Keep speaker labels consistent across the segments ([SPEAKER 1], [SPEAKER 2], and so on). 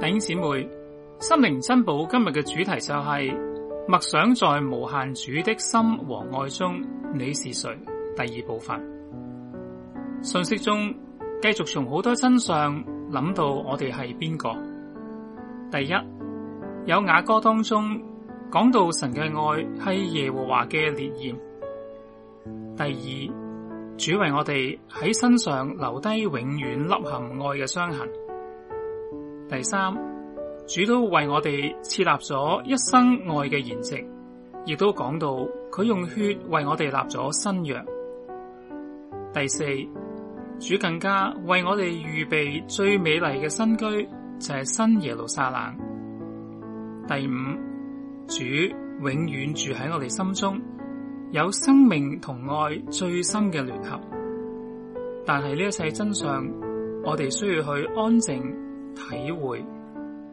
[SPEAKER 1] 弟兄姊妹，心靈珍寶今日嘅主題就係、是、默想在無限主的心和愛中，你是誰？第二部分信息中繼續從好多真相諗到我哋係邊個。第一，有雅歌當中講到神嘅愛係耶和華嘅烈焰；第二，主為我哋喺身上留低永遠凹陷愛嘅傷痕。第三，主都為我哋設立咗一生愛嘅筵席，亦都講到佢用血為我哋立咗新約。第四，主更加為我哋預備最美麗嘅新居，就係新耶路撒冷。第五，主永遠住喺我哋心中，有生命同愛最深嘅聯合。但係呢一切真相，我哋需要去安靜。體會，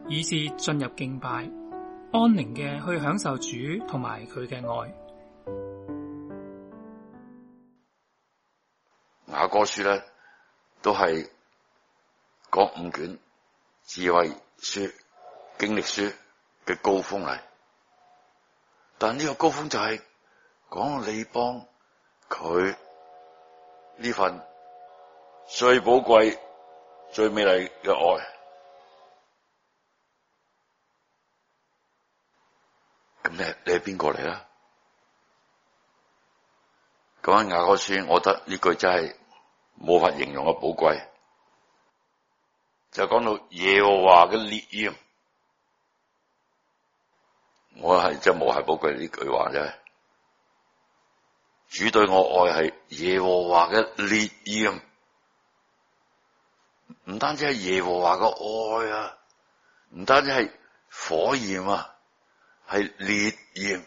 [SPEAKER 1] 以至進入敬拜，安寧嘅去享受主同埋佢嘅愛。
[SPEAKER 2] 雅歌書咧，都係講五卷智慧書、經歷書嘅高峰嚟。但呢個高峰就係講你幫佢呢份最寶貴、最美麗嘅愛。你你係邊個嚟啊？講緊雅各書，我覺得呢句真係冇法形容嘅寶貴。就講到耶和華嘅烈焰，我係真冇係寶貴呢句話啫。主對我愛係耶和華嘅烈焰，唔單止係耶和華嘅愛啊，唔單止係火焰啊。係烈焰，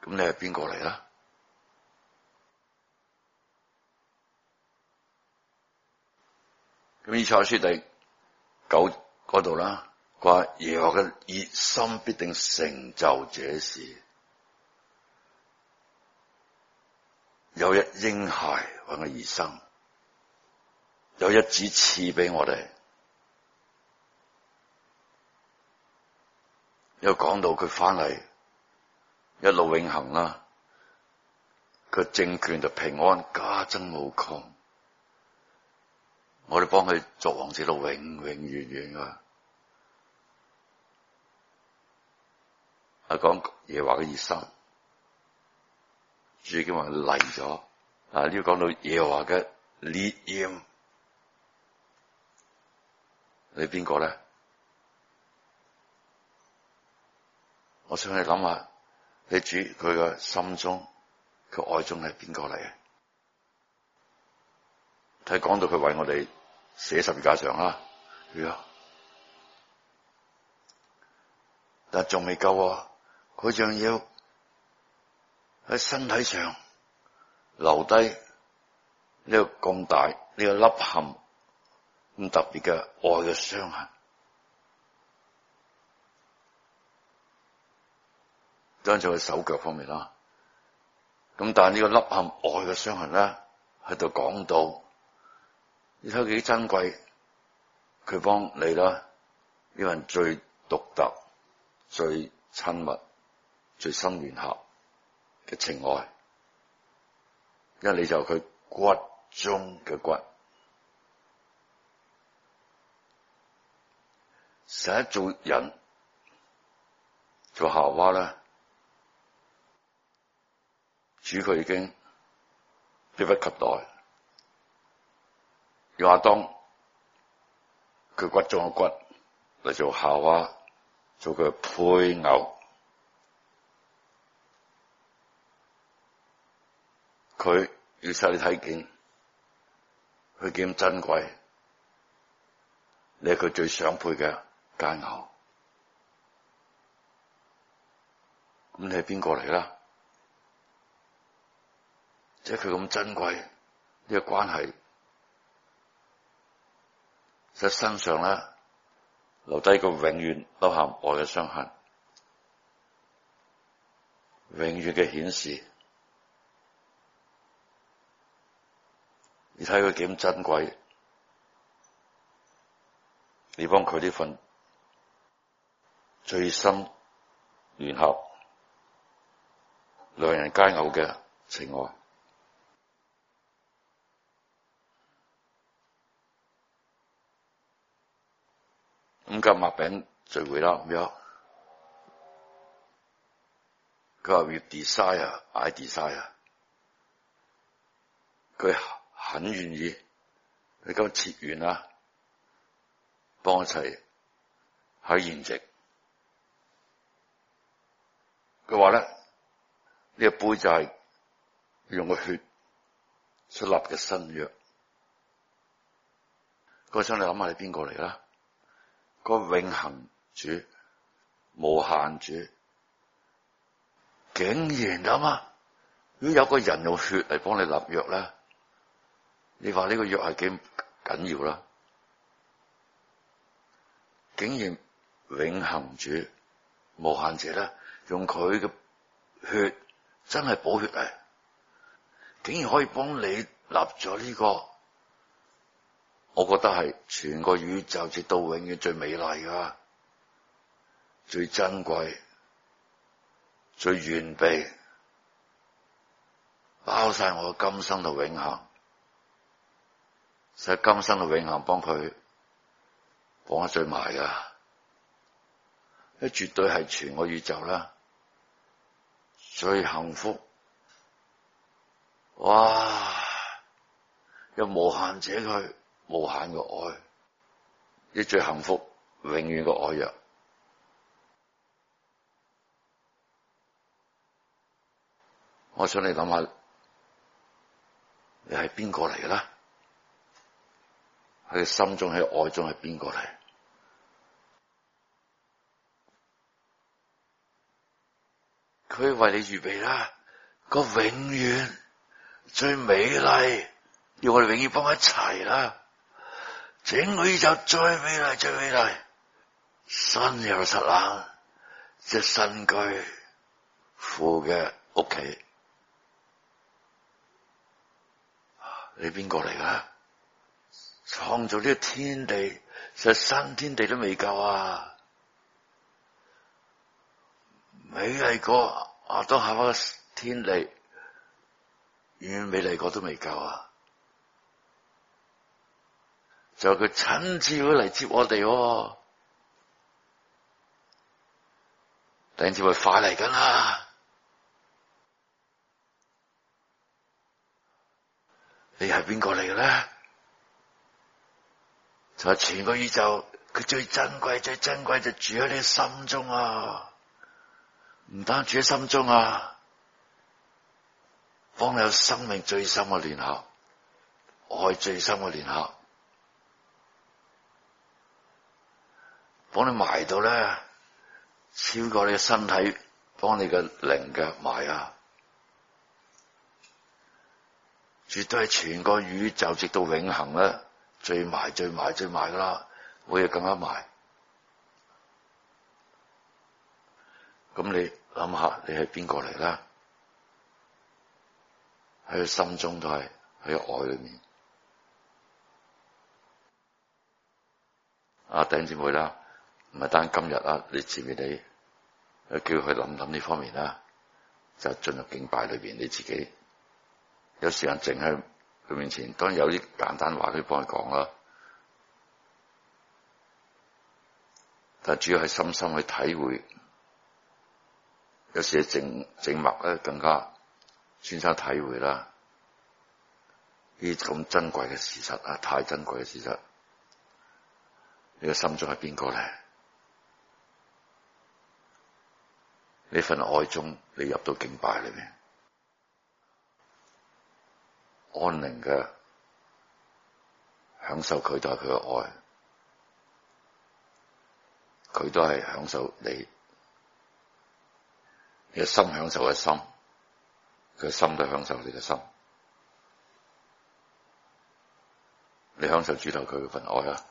[SPEAKER 2] 咁你係邊個嚟啦？咁《以賽亞書》第九嗰度啦，話耶和華嘅熱心必定成就這事。有一嬰孩揾我而生，有一子賜俾我哋。又講到佢翻嚟，一路永恆啦。佢政權就平安加增無窮，我哋幫佢做王者到永永遠遠啊！啊，講耶華嘅熱心，主已經話嚟咗。啊，呢度講到耶華嘅烈焰，係邊個咧？我想你諗下，你主佢嘅心中，佢愛中係邊個嚟？睇，講到佢為我哋寫十字架上啦，係啊，但仲未夠，佢仲要喺身體上留低呢個咁大呢個粒痕咁特別嘅愛嘅傷痕。當住佢手腳方面啦，咁但係呢個凹陷外嘅傷痕咧，喺度講到，你睇幾珍貴，佢幫你啦，呢份最獨特、最親密、最深緣合嘅情愛，因為你就佢骨中嘅骨，成日做人做夏娃咧。主佢已經迫不及待，用亞當佢骨中嘅骨嚟做夏娃，做佢配偶，佢要使你睇見，佢幾咁珍貴，你係佢最想配嘅佳偶，咁你係邊個嚟啦？即係佢咁珍貴呢、這個關係，在身上呢，留低個永遠都含愛嘅傷痕，永遠嘅顯示。你睇佢幾咁珍貴，你幫佢呢份最深聯合兩人皆有嘅情愛。咁今日麥餅聚會啦咁樣，佢話要 desire，I desire，佢很願意，佢咁切完啦，幫我一齊喺宴席。佢話咧呢、呢個杯仔係用個血出立嘅新約，我想你諗下係邊個嚟啦？個永恆主、無限主，竟然㗎嘛，如果有個人用血嚟幫你立約咧，你話呢個約係幾緊要啦？竟然永恆主、無限者咧，用佢嘅血，真係補血嚟！竟然可以幫你立咗呢個。我覺得係全個宇宙至到永遠最美麗噶，最珍貴、最完備，包晒我嘅今生到永恒，使、就係、今生到永恒幫佢講得最埋噶，因為絕對係全個宇宙啦，最幸福，哇！又無限者佢。無限嘅愛，一最幸福、永遠嘅愛藥。我想你諗下，你係邊個嚟啦。佢心中係愛中來，仲係邊個嚟？佢 為你預備啦，個永遠最美麗，要我哋永遠幫一齊啦。整個宇宙最美麗，最美麗。身又實冷，隻身居富嘅屋企。你邊個嚟㗎？創造呢個天地，實新天地都未夠啊！美麗過亞當夏娃嘅天地，遠遠美麗過都未夠啊！就佢親自會嚟接我哋，哦，第二次會快嚟噶啦。你係邊個嚟嘅咧？就係，全個宇宙，佢最珍貴、最珍貴就住喺你心中啊！唔單住喺心中啊，方有生命最深嘅聯合，愛最深嘅聯合。幫你埋到咧，超過你嘅身體，幫你嘅靈嘅埋啊！絕對係全個宇宙直到永恆咧，最埋最埋最埋噶啦，每日更加埋。咁你諗下你，你係邊個嚟咧？喺心中都係喺愛裏面。啊，弟兄姊妹啦～唔係單今日啊！你前面你，叫佢諗諗呢方面啦，就進入敬拜裏邊，你自己有時間靜喺佢面前，當然有啲簡單話可以幫佢講啦。但主要係深深去體會，有時靜靜默咧更加先生體會啦。呢種珍貴嘅事實啊，太珍貴嘅事實，你個心中係邊個咧？呢份愛中，你入到敬拜裏面，安寧嘅享受，佢都係佢嘅愛，佢都係享受你你嘅心，心，享受嘅心，佢心都係享受你嘅心，你享受主導佢嘅份愛啊！